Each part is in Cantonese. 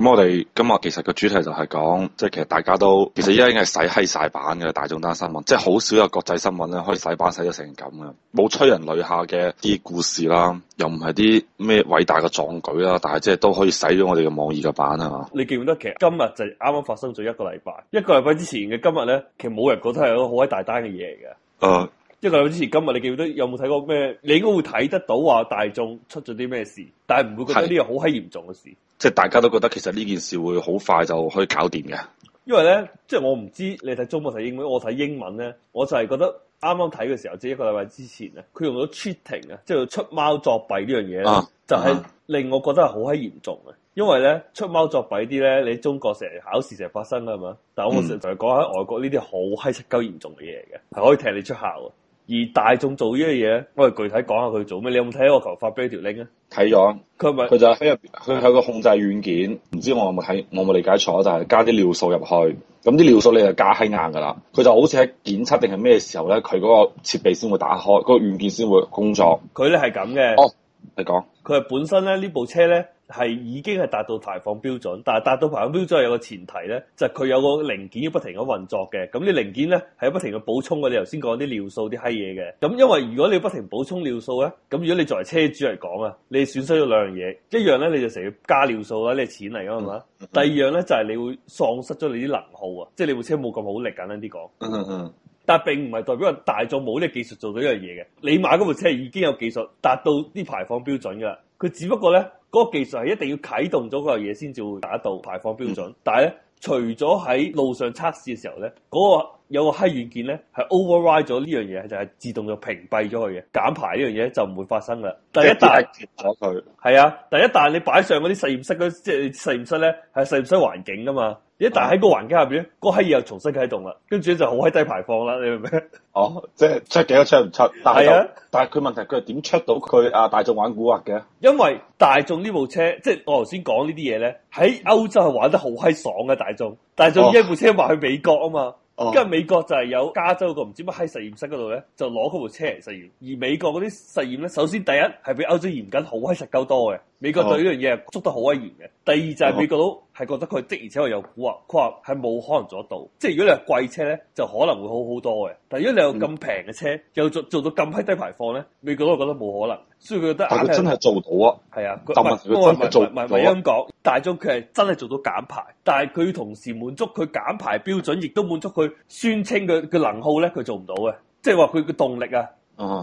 咁我哋今日其實個主題就係講，即係其實大家都其實而家已經係洗閪晒版嘅大眾單新聞，即係好少有國際新聞咧可以洗版洗到成咁嘅，冇催人淚下嘅啲故事啦，又唔係啲咩偉大嘅壯舉啦，但係即係都可以洗咗我哋嘅網易嘅版啊！你記唔記得？其實今日就啱啱發生咗一個禮拜，一個禮拜之前嘅今日咧，其實冇人覺得係一個好鬼大單嘅嘢嚟嘅。Uh, 一個禮拜之前，今日你記唔記得有冇睇過咩？你應該會睇得到話大眾出咗啲咩事，但係唔會覺得呢個好閪嚴重嘅事。即係大家都覺得其實呢件事會好快就可以搞掂嘅。因為咧，即係我唔知你睇中文睇英文，我睇英文咧，我就係覺得啱啱睇嘅時候，即係一個禮拜之前咧，佢用咗 cheating 啊，即係出貓作弊呢樣嘢、啊啊、就係令我覺得係好閪嚴重嘅。因為咧，出貓作弊啲咧，你中國成日考試成日發生啦，係嘛？但係我成日講喺外國呢啲好閪出鳩嚴重嘅嘢嚟嘅，係可以踢你出校。而大眾做呢樣嘢，我哋具體講下佢做咩？你有冇睇我頭發俾條 link 啊？睇咗了，佢咪佢就喺入，佢係個控制軟件，唔知我有冇睇，我冇理解錯，就係加啲尿素入去，咁啲尿素你就加喺硬噶啦。佢就好似喺檢測定係咩時候咧，佢嗰個設備先會打開，嗰個軟件先會工作。佢咧係咁嘅。哦，你講佢係本身咧呢部車咧。係已經係達到排放標準，但係達到排放標準有個前提咧，就係佢有個零件要不停咁運作嘅。咁你零件咧係不停嘅補充嘅。你頭先講啲尿素啲閪嘢嘅。咁因為如果你不停補充尿素咧，咁如果你作為車主嚟講啊，你損失咗兩樣嘢。一樣咧你就成日要加尿素啦，你係錢嚟噶嘛？第二樣咧就係你會喪失咗你啲能耗啊，即係你部車冇咁好力，簡單啲講。 但係並唔係代表大眾冇呢技術做到一樣嘢嘅。你買嗰部車已經有技術達到啲排放標準噶啦。佢只不過呢嗰、嗰個技術係一定要啟動咗嗰樣嘢先至會達到排放標準，嗯、但係呢除咗喺路上測試嘅時候呢嗰、嗰個。有個閪軟件咧，係 override 咗呢樣嘢，就係、是、自動就屏蔽咗佢嘅減排呢樣嘢就唔會發生啦。一但截咗佢，係啊！一但你擺上嗰啲實驗室即係實驗室咧，係實驗室環境噶嘛？一但喺嗰個環境入邊咧，嗰的個閪又重新啟動啦，跟住就好閪低排放啦，你明唔明？哦，即係出幾多出唔出？但係啊，的但係佢問題，佢係點 check 到佢啊？大眾玩古惑嘅，因為大眾呢部車，即係我頭先講呢啲嘢咧，喺歐洲係玩得好閪爽嘅大眾，大眾呢部車賣去美國啊嘛。咁啊！美國就係有加州個唔知乜閪實驗室嗰度咧，就攞嗰部車嚟實驗，而美國嗰啲實驗咧，首先第一係比歐洲嚴謹，好閪實夠多嘅。美國對呢樣嘢捉得好威嚴嘅。第二就係美國佬係覺得佢的而且確有蠱惑，佢話係冇可能做得到。即係如果你係貴車咧，就可能會好好多嘅。但如果你有咁平嘅車，又做做到咁批低排放咧，美國佬覺得冇可能，所以佢覺得。真係做到啊！係啊，唔係唔做。唔係，唔係英國大眾佢係真係做到減排，但係佢同時滿足佢減排標準，亦都滿足佢宣稱嘅嘅能耗咧，佢做唔到嘅。即係話佢嘅動力啊！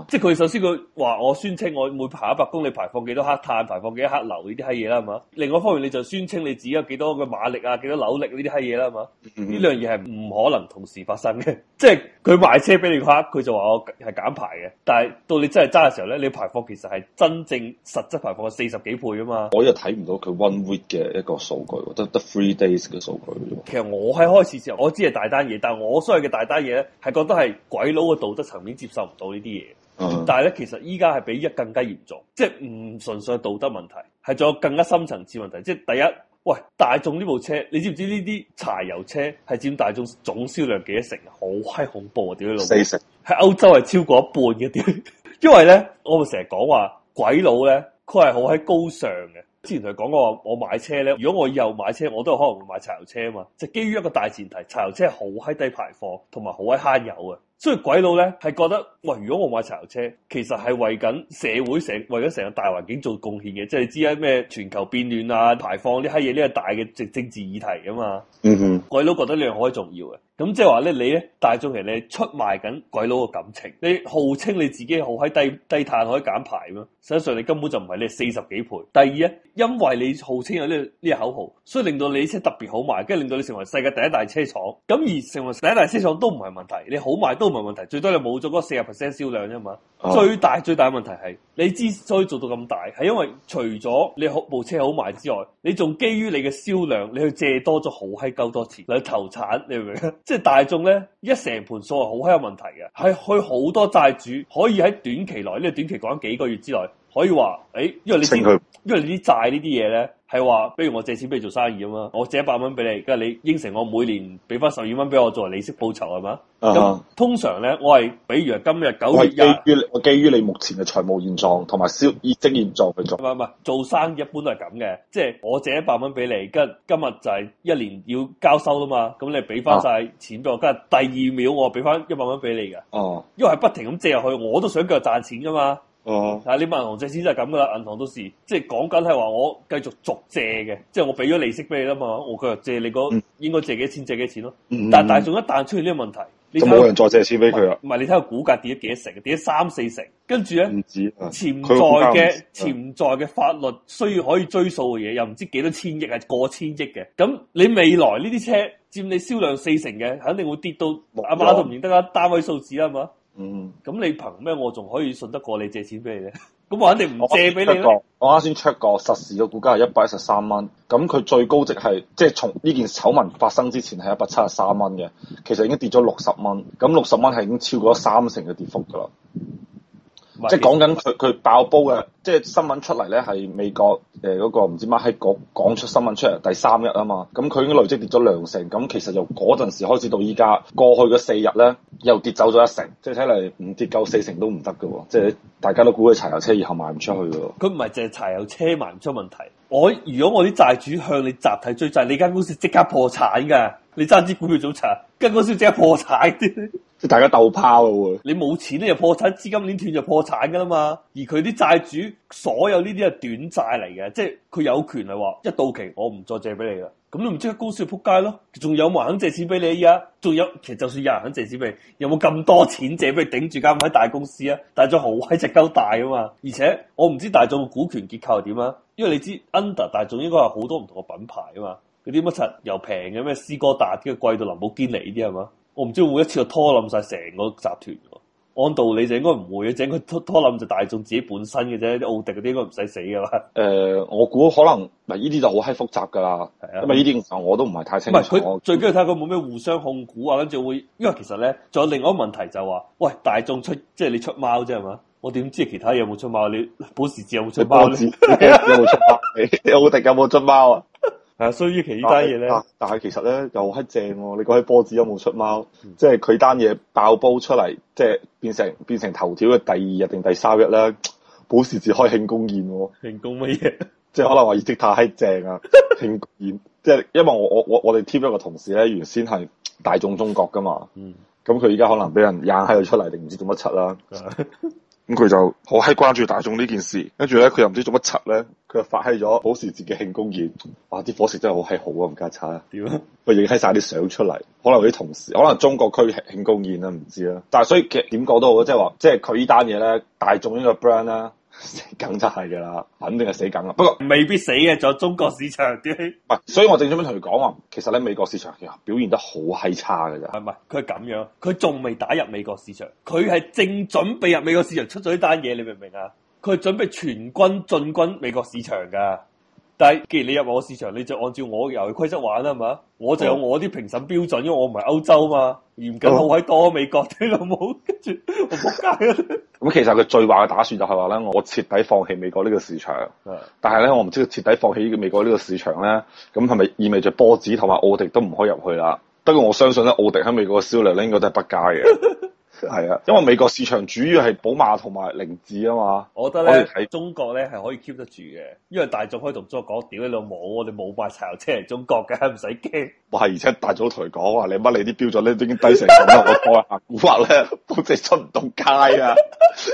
即係佢首先佢話我宣稱我每行一百公里排放幾多克碳，排放幾多克硫呢啲閪嘢啦，係嘛？另外一方面你就宣稱你自己有幾多嘅馬力啊，幾多扭力呢啲閪嘢啦，係嘛？呢兩樣嘢係唔可能同時發生嘅。即係佢賣車俾你買，佢就話我係減排嘅，但係到你真係揸嘅時候咧，你排放其實係真正實質排放係四十幾倍啊嘛。我又睇唔到佢 one week 嘅一個數據，得得 three days 嘅數據。其實我喺開始時候我知係大單嘢，但係我所謂嘅大單嘢咧係覺得係鬼佬嘅道德層面接受唔到呢啲嘢。嗯、但係咧，其實依家係比一更加嚴重，即係唔純粹道德問題，係仲有更加深層次問題。即係第一，喂，大眾呢部車，你知唔知呢啲柴油車係佔大眾總銷量幾多成？好嗨恐怖啊！點解老四成？喺歐洲係超過一半嘅點？因為咧，我咪成日講話鬼佬咧，佢係好嗨高尚嘅。之前就講過，我買車咧，如果我以後買車，我都可能會買柴油車啊嘛。即係基於一個大前提，柴油車好嗨低排放，同埋好嗨慳油啊。所以鬼佬咧係覺得，哇！如果我買柴油車，其實係為緊社會成，為緊成個大環境做貢獻嘅，即係知啊咩全球變暖啊、排放啲閪嘢，呢個大嘅政政治議題啊嘛。嗯哼，鬼佬覺得呢樣好重要嘅。咁即係話咧，你咧大眾其實咧出賣緊鬼佬嘅感情，你號稱你自己好喺低低碳可以減排嘛？實際上你根本就唔係，你四十幾倍。第二咧，因為你號稱有呢呢個口號，所以令到你車特別好賣，跟住令到你成為世界第一大車廠。咁而成為世界第一大車廠都唔係問題，你好賣都唔係問題，最多你冇咗嗰四十 percent 銷量啫嘛。啊、最大最大問題係你之所以做到咁大，係因為除咗你好部車好賣之外，你仲基於你嘅銷量，你去借多咗好閪鳩多錢你去投產，你明唔明？即係大眾呢，一整盤數係好有問題嘅。係去好多債主可以喺短期內，呢短期講緊幾個月之內。可以話，誒、哎，因為你啲，因為你啲債呢啲嘢咧，係話，比如我借錢俾你做生意啊嘛，我借一百蚊俾你，跟住你應承我每年俾翻十二蚊俾我作為利息報酬係嘛？咁、uh huh. 通常咧，我係，比如今日九月一，我基於你目前嘅財務現狀同埋消業績現狀去做，唔係唔係，做生意一般都係咁嘅，即係我借一百蚊俾你，跟今日就係一年要交收啦嘛，咁你俾翻晒錢俾我，跟住、uh huh. 第二秒我俾翻一百蚊俾你嘅，哦、uh，huh. 因為係不停咁借入去，我都想繼續賺錢噶嘛。哦，啊！你問銀行借錢就係咁噶啦，銀行都係即係講緊係話我繼續續借嘅，即係我俾咗利息俾你啦嘛，我今日借你嗰應該借幾多錢,借多錢，借幾多錢咯。但係大眾一旦出現呢個問題，你就冇人再借錢俾佢啦。唔係你睇個股價跌咗幾多成？跌咗三四成，跟住咧，唔止潛在嘅潛在嘅法律需要可以追溯嘅嘢，又唔知幾多千億係過千億嘅。咁你未來呢啲車佔你銷量四成嘅，肯定會跌到阿六媽都唔認得啦，單位數字啦嘛。嗯，咁你憑咩我仲可以信得過你借錢俾你咧？咁 我肯定唔借俾你我。我啱先 check 過，實時嘅股價係一百一十三蚊。咁佢最高值係，即係從呢件醜聞發生之前係一百七十三蚊嘅，其實已經跌咗六十蚊。咁六十蚊係已經超過咗三成嘅跌幅噶啦。即係講緊佢佢爆煲嘅，即係新聞出嚟咧，係美國誒嗰個唔知乜，喺港港出新聞出嚟第三日啊嘛，咁佢已經累積跌咗兩成，咁其實由嗰陣時開始到依家過去嘅四日咧，又跌走咗一成，即係睇嚟唔跌夠四成都唔得嘅喎，即係大家都估佢柴油車以後賣唔出去喎。佢唔係淨係柴油車賣唔出問題，我如果我啲債主向你集體追債，你間公司即刻破產㗎，你爭支股票早茶，間公司即刻破產啲。 即係大家斗拋嘅你冇錢咧就破產，資金鏈斷就破產噶啦嘛。而佢啲債主所有呢啲係短債嚟嘅，即係佢有權係話，一到期我唔再借俾你啦。咁你唔即刻公司扑街咯？仲有冇人肯借錢俾你啊？仲有其實就算有人肯借錢俾你，有冇咁多錢借俾你頂住間咁大公司啊？大眾好閪只鳩大啊嘛，而且我唔知大眾嘅股權結構係點啦，因為你知 under 大眾應該有好多唔同嘅品牌啊嘛，嗰啲乜柒又平嘅咩斯哥達，跟住貴到林寶堅尼啲係嘛？我唔知會唔會一次就拖冧晒成個集團喎，按道理就應該唔會嘅，整個拖拖冧就大眾自己本身嘅啫，啲奧迪嗰啲應該唔使死噶嘛。誒、呃，我估可能，唔呢啲就好閪複雜㗎啦。係啊，因為呢啲我都唔係太清楚。佢、嗯、我最緊要睇佢冇咩互相控股啊，跟住會，因為其實咧，仲有另外一個問題就話、是，喂，大眾出即係、就是、你出貓啫係嘛？我點知其他嘢有冇出貓？你保時捷有冇出貓？ 有冇出貓？奧 迪有冇出貓啊？係，所以於其呢單嘢咧，但係其實咧又閪正、哦。你講起波子有冇出貓？嗯、即係佢單嘢爆煲出嚟，即係變成變成頭條嘅第二日定第三日咧。保時捷開慶功宴、哦，慶功乜嘢？即係可能話業績太閪正啊！慶宴 即係，因為我我我我哋 team 一個同事咧，原先係大眾中國噶嘛，咁佢而家可能俾人硬喺度出嚟，定唔知做乜柒啦。啊 咁佢就好閪關注大眾呢件事，跟住咧佢又唔知做乜柒咧，佢就發起咗保時捷嘅慶功宴，哇！啲伙食真係好閪好啊，唔加差啊，點樣！佢影起晒啲相出嚟，可能啲同事，可能中國區慶功宴啦，唔知啦。但係所以其實點講都好，即係話，即係佢呢單嘢咧，大眾呢個 brand 咧。死梗，就係噶啦，肯定係死梗啦。不過未必死嘅，仲有中國市場啲。係，所以我正想咁同你講話，其實咧美國市場其表現得好係差㗎咋。係咪？佢係咁樣，佢仲未打入美國市場，佢係正準備入美國市場，出咗呢單嘢，你明唔明啊？佢係準備全軍進軍美國市場噶。但係既然你入我市場，你就按照我遊戲規則玩啦，係嘛？我就有我啲評審標準，因為我唔係歐洲嘛，嚴謹好喺多美國啲老母，跟住我仆街啦。咁其實佢最壞嘅打算就係話咧，我徹底放棄美國呢個市場。但係咧，我唔知佢徹底放棄美國呢個市場咧，咁係咪意味著波子同埋奧迪都唔可以入去啦？不過我相信咧，奧迪喺美國嘅銷量咧，應該都係不佳嘅。係啊，因為美國市場主要係寶馬同埋凌志啊嘛，我覺得咧喺以中國咧係可以 keep 得住嘅，因為大眾可以同中國講，屌你老母，我哋冇買柴油車嚟中國嘅，唔使驚。哇，而且大眾台講話你乜你啲標準咧都已經低成咁啦， 我估法咧都真出唔到街啊，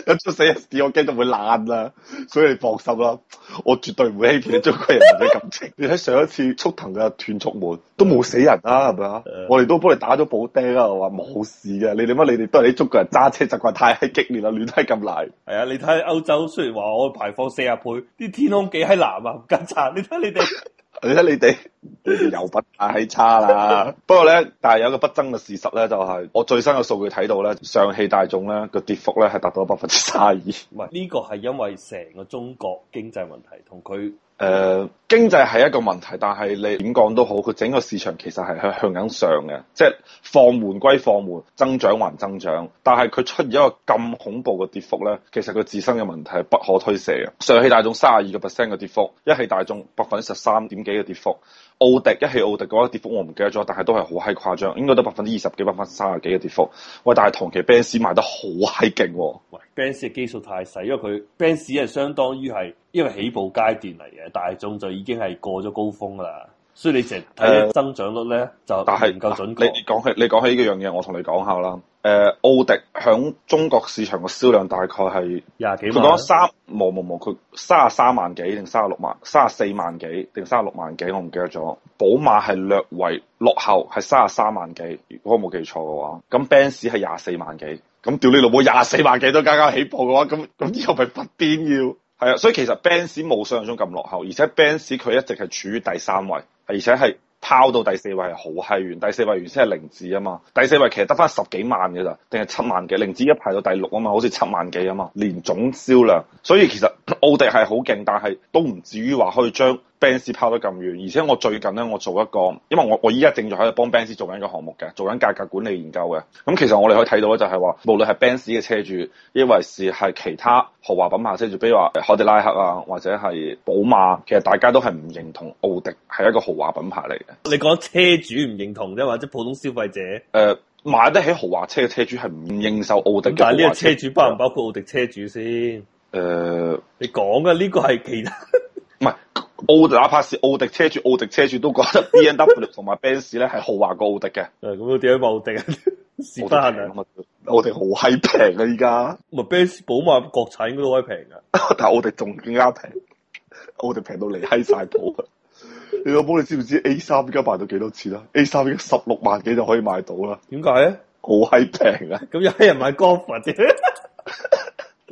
一出死我驚到會爛啦，所以你放心啦，我絕對唔會欺騙中國人嘅感情。 你睇上一次速騰嘅斷速門都冇死人啊，係咪啊？我哋都幫你打咗補釘啊，我話冇事嘅，你點解你哋都係中國人揸車習慣太係激烈啦，亂係咁嚟。係啊，你睇歐洲雖然話我排放四十倍，啲天空幾係藍啊，唔得查。你睇你哋， 你睇你哋，你哋油品太差啦。 不過咧，但係有個不爭嘅事實咧，就係、是、我最新嘅數據睇到咧，上汽大眾咧個跌幅咧係達到百分之卅二。唔係呢個係因為成個中國經濟問題同佢。誒、uh, 經濟係一個問題，但係你點講都好，佢整個市場其實係向向緊上嘅，即係放緩歸放緩，增長還增長。但係佢出現一個咁恐怖嘅跌幅呢，其實佢自身嘅問題係不可推卸嘅。上汽大眾三十二個 percent 嘅跌幅，一汽大眾百分之十三點幾嘅跌幅。奧迪，一汽奧迪嗰個跌幅我唔記得咗，但係都係好閪誇張，應該都百分之二十幾、百分之三十幾嘅跌幅。喂，但係同期 b a 奔馳賣得好閪勁喎，奔馳嘅基數太細，因為佢 b a 奔馳係相當於係因為起步階段嚟嘅，大眾就已經係過咗高峰㗎啦，所以你淨睇增長率咧、哎、呀就但是，但係唔夠準確。你講起你講起呢樣嘢，我同你講下啦。誒，奧迪響中國市場嘅銷量大概係廿幾萬。佢講三，冇冇冇，佢三啊三萬幾，定三啊六萬，三啊四萬幾，定三啊六萬幾，我唔記得咗。寶馬係略為落後，係三啊三萬幾，如果我冇記錯嘅話。咁 Benz 係廿四萬幾，咁屌你老母廿四萬幾都加加起步嘅話，咁咁之後咪不癲要？係啊，所以其實 Benz 冇想象中咁落後，而且 Benz 佢一直係處於第三位，而且係。拋到第四位係好閪遠，第四位原先係凌志啊嘛，第四位其實得返十幾萬嘅咋，定係七萬幾？凌志一排到第六啊嘛，好似七萬幾啊嘛，年總銷量，所以其實奧迪係好勁，但係都唔至於話可以將。Benz 拋得咁遠，而且我最近咧，我做一個，因為我我依家正在喺度幫 Benz 做緊一個項目嘅，做緊價格管理研究嘅。咁、嗯、其實我哋可以睇到咧，就係話無論係 Benz 嘅車主，亦或是係其他豪華品牌車主，比如話凱迪拉克啊，或者係寶馬，其實大家都係唔認同奧迪係一個豪華品牌嚟嘅。你講車主唔認同啫，或者普通消費者？誒、呃，買得起豪華車嘅車主係唔唔認受奧迪嘅？但係呢個車主包唔包括奧迪車主先？誒、呃，你講嘅呢個係其他，唔 係。奧哪怕是奧迪車主，奧迪車主都覺得 B N W 同埋 奔馳咧係豪華過奧迪嘅。誒， 咁點樣賣奧迪啊？唔得啊！奧迪好閪平啊，依家。唔係奔馳、寶馬國產應該都可以平噶，但係奧迪仲更加平。奧迪平到離閪晒譜。 你老母，你知唔知 A 三依家賣到幾多錢啊？A 三依家十六萬幾就可以買到啦。點解咧？好閪平啊！咁有啲人買 Golf 嘅。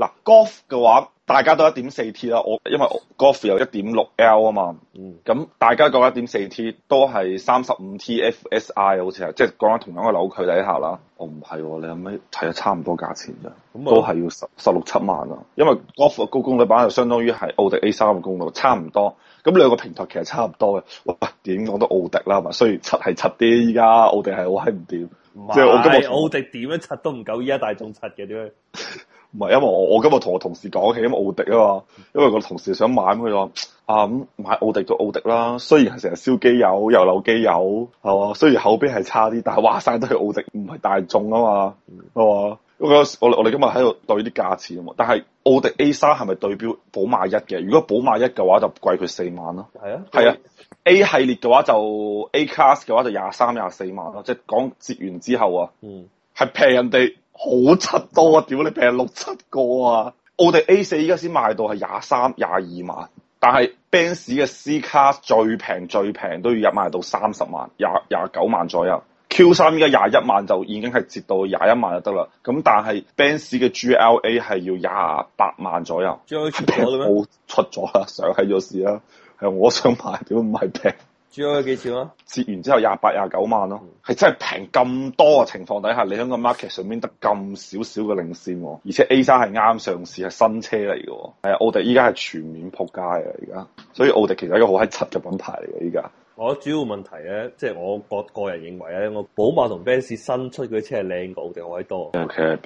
嗱，Golf 嘅話，大家都一點四 T 啦，我因為 Golf 有一點六 L 啊嘛，咁大家講一點四 T 都係三十五 TFSI 好似係，即係講緊同樣嘅樓佢底下啦。我唔係，你有咩睇下差唔多價錢咋，都係要十十六七萬啊。因為 Golf 嘅高功率版就相當於係奧迪 A 三嘅功率，差唔多。咁兩個平台其實差唔多嘅。喂，奧七七點講都奧迪啦，嘛是，雖然七係七啲，依家奧迪係玩唔掂。即係，奧迪點樣七都唔夠，依家大眾七嘅點樣？ 唔係，因為我我今日同我同事講起咁奧迪啊嘛，因為個同事想買，咁佢話啊，咁買奧迪就奧迪啦，雖然係成日燒機油又漏機油係嘛，雖然口碑係差啲，但係話晒都係奧迪，唔係大眾、嗯、啊嘛係嘛，因為我我哋今日喺度對啲價錢啊嘛，但係奧迪 A 三係咪對標寶馬一嘅？如果寶馬一嘅話就貴佢四萬咯。係啊，係啊，A 系列嘅話就 A class 嘅話就廿三廿四萬咯，嗯、即係講折完之後啊，係平、嗯、人哋。好七多啊！屌你平六七個啊！奧迪 A 四依家先賣到係廿三廿二萬，但係 Benz 嘅 C 卡最平最平都要入賣到三十萬，廿廿九萬左右。Q 三依家廿一萬就已經係折到廿一萬就得啦。咁但係 Benz 嘅 G L A 係要廿八萬左右。平冇出咗啦，想喺咗試啦，係我想買，屌唔係平？主要係幾少啊？折完之後廿八廿九萬咯、啊，係、嗯、真係平咁多嘅、啊、情況底下，你喺個 market 上面得咁少少嘅領先，而且 A 三係啱上市，係新車嚟嘅、啊。係、嗯、奧迪依家係全面扑街啊！而家，嗯、所以奧迪其實一個好閪柒嘅品牌嚟嘅。依家我主要問題咧，即、就、係、是、我個個人認為咧，我寶馬同 Benz 新出嘅啲車係靚過奧迪好多。OK，尤其係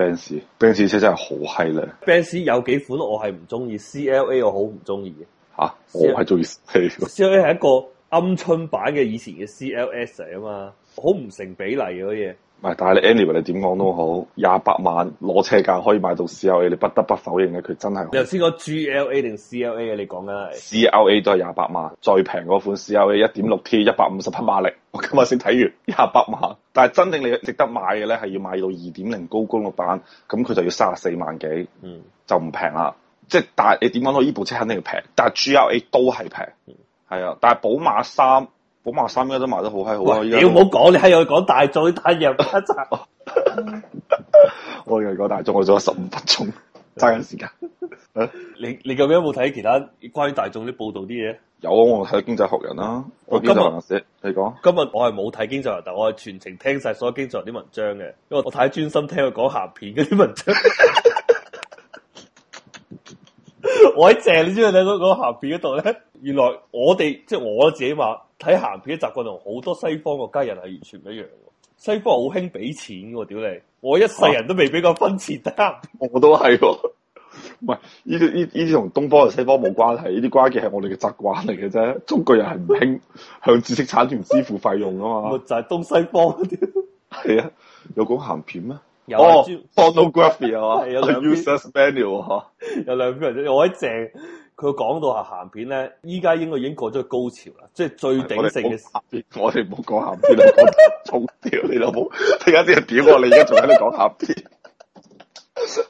Benz，Benz 車真係好閪靚。Benz 有幾款我係唔中意，CLA 我好唔中意吓。我係中意。CLA 係一個。鵪鶉版嘅以前嘅 CLS 啊嘛，好唔成比例嗰啲嘢。唔係，但係你 anyway 你點講都好，廿八萬攞車價可以買到 CLA，你不得不否認咧，佢真係。你頭先講 GLA 定 CLA 嘅，你講緊。CLA 都係廿八萬，最平嗰款 CLA 一點六 T 一百五十匹馬力，我今日先睇完廿八萬，但係真正你值得買嘅咧，係要買到二點零高功率版，咁佢就要三十四萬幾，就唔平啦。嗯、即係但係你點講都好，依部車肯定要平，但係 GLA 都係平。嗯係啊， 但係寶馬三，寶馬三而家都賣得好嗨好啊！你唔好講，你喺度講大眾，打入一集，我以為講大眾，我仲有十五分鐘，揸緊時間。你你究竟有冇睇其他關於大眾啲報道啲嘢？有啊，我睇《經濟學人》啦。 我今日今 你講，今日我係冇睇《經濟學人》，但我係全程聽晒所有《經濟學人》啲文章嘅，因為我太專心，聽佢講鹹片嗰啲文章。 我喺正，你知唔知喺嗰嗰鹹片嗰度咧？原來我哋即係我自己話睇鹹片嘅習慣同好多西方國家人係完全唔一樣。西方好興俾錢嘅，屌你！我一世人都未俾過分錢啊。我都係喎，唔係呢啲呢啲同東方同西方冇關係，呢啲關鍵係我哋嘅習慣嚟嘅啫。中國人係唔興向知識產權支付費用啊嘛，就係東西方嗰啲。係啊，有講鹹片咩？有啊，photography 啊，有兩篇，有兩篇，我喺正佢講到下鹹片咧，依家應該已經過咗高潮啦，即係最鼎盛嘅時候。我哋唔好講鹹片，我講沖調。你老母，你而啲係點我，你而家仲喺度講鹹片？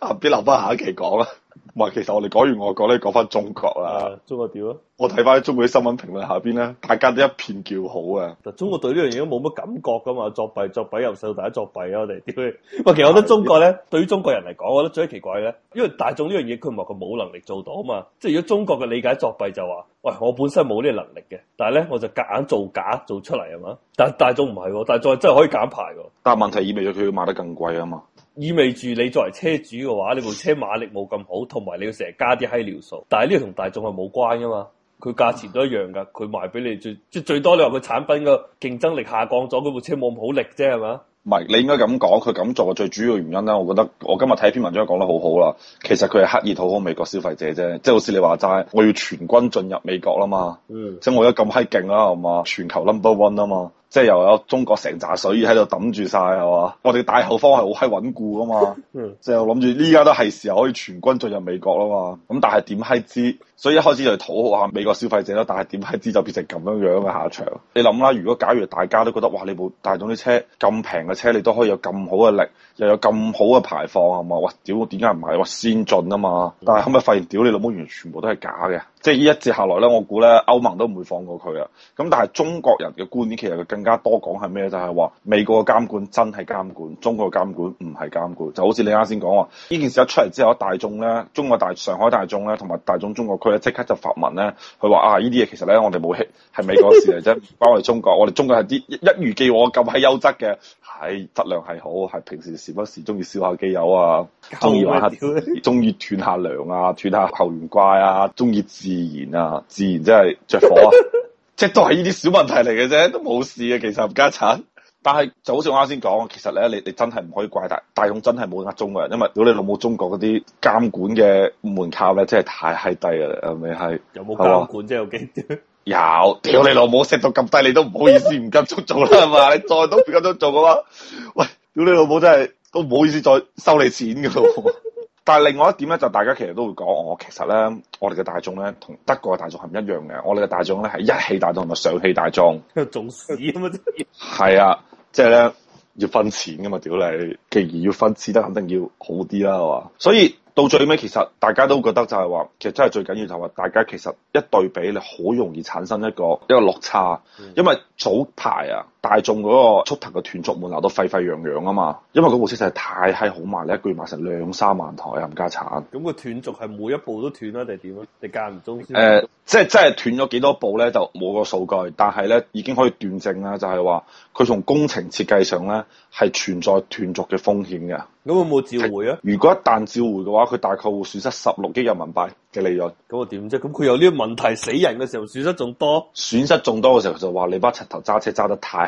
鹹片留翻下一期講啊。唔其實我哋講完外國咧，講翻中國啦、啊。中國點啊？我睇翻中國嘅新聞評論下邊咧，大家都一片叫好啊。中國對呢樣嘢都冇乜感覺噶嘛，作弊、作弊又受大家作弊啊！我哋點啊？喂，其實我覺得中國咧，是對於中國人嚟講，我覺得最奇怪咧，因為大眾呢樣嘢佢唔係佢冇能力做到啊嘛。即係如果中國嘅理解作弊就話，喂，我本身冇呢個能力嘅，但係咧我就夾硬造假做出嚟係嘛？但大眾唔係喎，但係真係可以減排喎。但係問題意味咗佢要賣得更貴啊嘛。意味住你作為車主嘅話，你部車馬力冇咁好，同埋你要成日加啲閪尿素。但係呢個同大眾係冇關噶嘛，佢價錢都一樣噶，佢賣俾你最即係最多你話佢產品嘅競爭力下降咗，嗰部車冇咁好力啫係嘛？唔係，你應該咁講，佢咁做嘅最主要原因咧，我覺得我今日睇一篇文章講得好好啦。其實佢係刻意討好美國消費者啫，即係好似你話齋，我要全軍進入美國啦嘛，嗯、即係我而家咁閪勁啦，係嘛？全球 number one 啊嘛。即係又有中國成紮水喺度抌住晒，係嘛？我哋大後方係好閪穩固噶嘛，即係我諗住呢家都係時候可以全軍進入美國啦嘛。咁但係點閪知？所以一開始就討好下美國消費者啦。但係點閪知就變成咁樣樣嘅下場。你諗啦，如果假如大家都覺得哇，你部大眾啲車咁平嘅車，你都可以有咁好嘅力，又有咁好嘅排放係嘛？哇！屌，點解唔係？哇，先進啊嘛！但係後尾發現，屌你老母，完全全部都係假嘅。即係呢一節下來咧，我估咧歐盟都唔會放過佢啊！咁但係中國人嘅觀點其實佢更加多講係咩？就係、是、話美國嘅監管真係監管，中國嘅監管唔係監管。就好似你啱先講話，呢件事一出嚟之後，大眾咧，中國大上海大眾咧，同埋大眾中國區咧，即刻就發文咧，佢話啊，呢啲嘢其實咧，我哋冇欺係美國事嚟啫，關我哋中國，我哋中國係啲一,一如既往咁係優質嘅，係質、哎、量係好，係平時時不時中意燒下機油啊，中意玩下，中意斷下涼啊，斷下後懸掛啊，中意自。自然啊，自然真係着火啊，即係都係呢啲小問題嚟嘅啫，都冇事嘅，其實冚家鏟，但係就好似我啱先講，其實咧你你真係唔可以怪大大眾，真係冇呃中國人，因為如果你老母中國嗰啲監管嘅門檻咧，真係太閪低、嗯、啊。係咪係？有冇監管啫？有幾多？有，屌你老母，食到咁低，你都唔好意思唔繼續做啦嘛？你再都唔繼續做嘅話，喂，你老，老母真係都唔好意思再收你錢嘅咯。 但係另外一點咧，就是、大家其實都會講，我其實咧，我哋嘅大眾咧，同德國嘅大眾係唔一樣嘅。我哋嘅大眾咧係一汽大眾同埋上汽大眾，一個種子啊嘛，即係，係啊，即係咧，要分錢噶嘛，屌你，既然要分錢得肯定要好啲啦，係嘛？所以到最尾，其實大家都覺得就係話，其實真係最緊要就係話，大家其實一對比你好容易產生一個一個落差，嗯、因為早排啊。大眾嗰個速騰嘅斷軸門鬧到沸沸揚揚啊嘛，因為嗰部車就係太閪好賣，你一個月賣成兩三萬台又唔加產。咁個斷軸係每一步都斷啊，定係點啊？你間唔中先。誒、呃，即係即係斷咗幾多步咧？就冇個數據，但係咧已經可以斷證啦，就係話佢從工程設計上咧係存在斷軸嘅風險嘅。咁會唔會召回啊？如果一旦召回嘅話，佢大概會損失十六億人民幣嘅利潤。咁我點啫？咁佢有呢個問題死人嘅時候損失仲多？損失仲多嘅時候就話你把七頭揸車揸得太。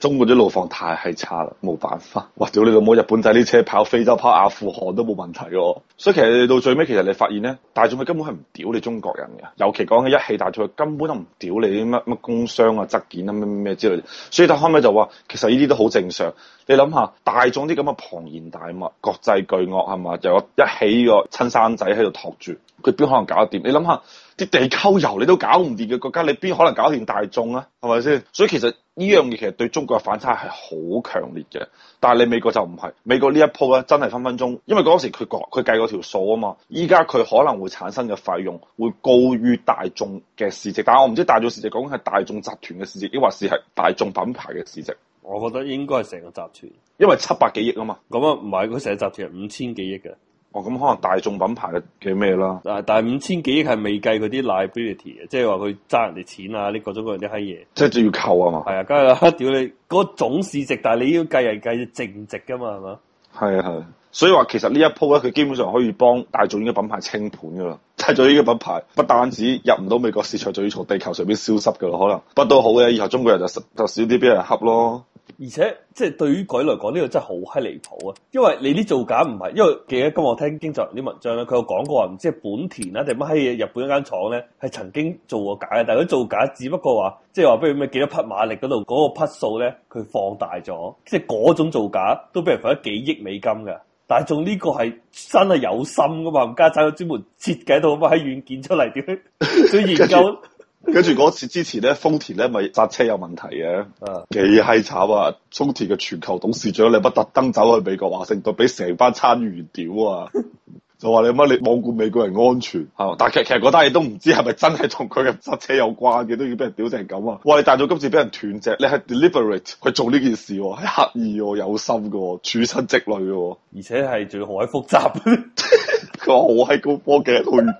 中國啲路況太閪差啦，冇辦法。哇！屌你老母，日本仔啲車跑非洲跑阿富汗都冇問題喎。所以其實到最尾，其實你發現咧，大眾佢根本係唔屌你中國人嘅，尤其講緊一汽大眾根本都唔屌你啲乜乜工商啊質檢啊咩咩之類。所以到後尾就話，其實呢啲都好正常。你諗下，大眾啲咁嘅龐然大物、國際巨鱷係嘛，由一,一汽一個親生仔喺度托住，佢邊可能搞得掂？你諗下啲地溝油你都搞唔掂嘅國家，你邊可能搞掂大眾啊？係咪先？所以其實。呢樣嘢其實對中國嘅反差係好強烈嘅，但係你美國就唔係，美國呢一鋪咧真係分分鐘，因為嗰時佢講佢計嗰條數啊嘛，依家佢可能會產生嘅費用會高於大眾嘅市值，但係我唔知大眾市值講緊係大眾集團嘅市值，抑或是係大眾品牌嘅市值，我覺得應該係成個集團，因為七百幾億啊嘛。咁啊，唔係佢成個集團係五千幾億嘅。哦，咁可能大眾品牌嘅咩啦？但係五千幾億係未計嗰啲 liability 嘅，即係話佢爭人哋錢啊，呢各種各樣啲閪嘢。即係要扣啊嘛？係啊，梗係啦！屌你嗰個總市值，但係你要計係計淨值噶嘛？係嘛？係啊係，所以話其實一呢一鋪咧，佢基本上可以幫大眾啲品牌清盤噶啦。大眾呢嘅品牌不單止入唔到美國市場，就要從地球上邊消失噶啦。可能不都好嘅，以後中國人就少就少啲俾人恰咯。而且即係對於佢嚟講呢個真係好閪離譜啊！因為你啲造假唔係，因為記得今日我聽經濟人啲文章咧，佢有講過話唔知係本田啊定乜閪日本一間廠咧係曾經做過假，但係佢造假只不過話即係話俾你咩幾多匹馬力嗰度嗰個匹數咧佢放大咗，即係嗰種造假都俾人罰咗幾億美金嘅。但係仲呢個係真係有心噶嘛？唔加差咗專門設計到咁喺軟件出嚟點去去研究。 跟住嗰次之前咧，豐田咧咪剎車有問題嘅，幾閪慘啊！豐田嘅全球董事長，你不特登走去美國華盛頓俾成班參議員屌啊！ 就話你乜你罔顧美國人安全係嘛？但係其實嗰單嘢都唔知係咪真係同佢嘅塞車有關嘅，都要俾人屌成咁啊！哇！你大佬今次俾人斷隻，你係 deliberate 去做呢件事喎，係刻意喎、哦，有心嘅喎、哦，處心積慮嘅喎、哦，而且係仲要好喺複雜。佢話 我喺高科技嘅通語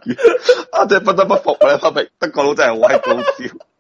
啊，即係不得不服你，阿明德國佬真係好喺高招。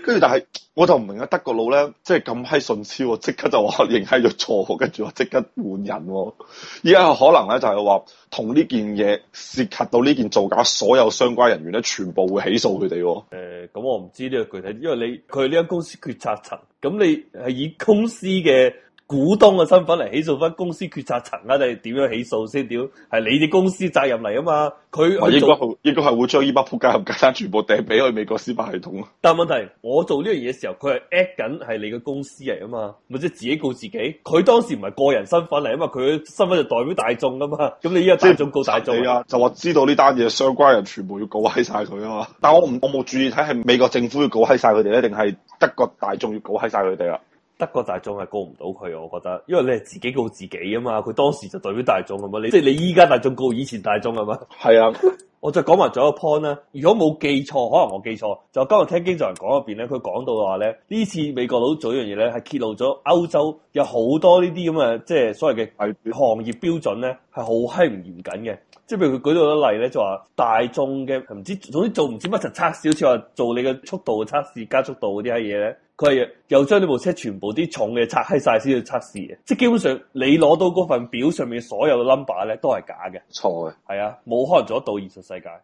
跟住，但係我就唔明啊，德國佬咧，即係咁閪順超，即刻就話認喺度錯，跟住話即刻換人、哦。依家可能咧就係話，同呢件嘢涉及到呢件造假所有相關人員咧，全部會起訴佢哋、哦。誒、呃，咁、嗯、我唔知呢個具體，因為你佢呢間公司決策層，咁你係以公司嘅。股東嘅身份嚟起訴翻公司決策層啊，定係點樣起訴先？屌，係你哋公司責任嚟啊嘛！佢應該係應該係會將呢班仆街冚家鏟全部掟俾去美國司法系統。但問題，我做呢樣嘢嘅時候，佢係 at 緊係你嘅公司嚟啊嘛？咪即係自己告自己？佢當時唔係個人身份嚟啊嘛？佢身份就代表大眾㗎嘛？咁你依家大眾告大眾，就話知道呢單嘢，相關人全部要告閪晒佢啊嘛？但係我唔我冇注意睇係美國政府要告閪晒佢哋咧，定係德國大眾要告閪晒佢哋啊？德國大眾係告唔到佢，我覺得，因為你係自己告自己啊嘛。佢當時就代表大眾係嘛，你即係你依家大眾告以前大眾係嘛？係啊， 我就講埋咗一個 point 啦。如果冇記錯，可能我記錯，就今日聽經濟人講入邊咧，佢講到話咧，呢次美國佬做一樣嘢咧，係揭露咗歐洲有好多呢啲咁嘅，即係所謂嘅行業標準咧，係好閪唔嚴謹嘅。即係譬如佢舉到個例咧，就話大眾嘅唔知總之做唔知乜就測試，好似話做你嘅速度嘅測試、加速度嗰啲閪嘢咧。佢係又將呢部車全部啲重嘅嘢拆開曬先去測試嘅，即係基本上你攞到嗰份表上面所有嘅 number 咧都係假嘅，錯嘅的，係啊，冇可能做得到現實世界。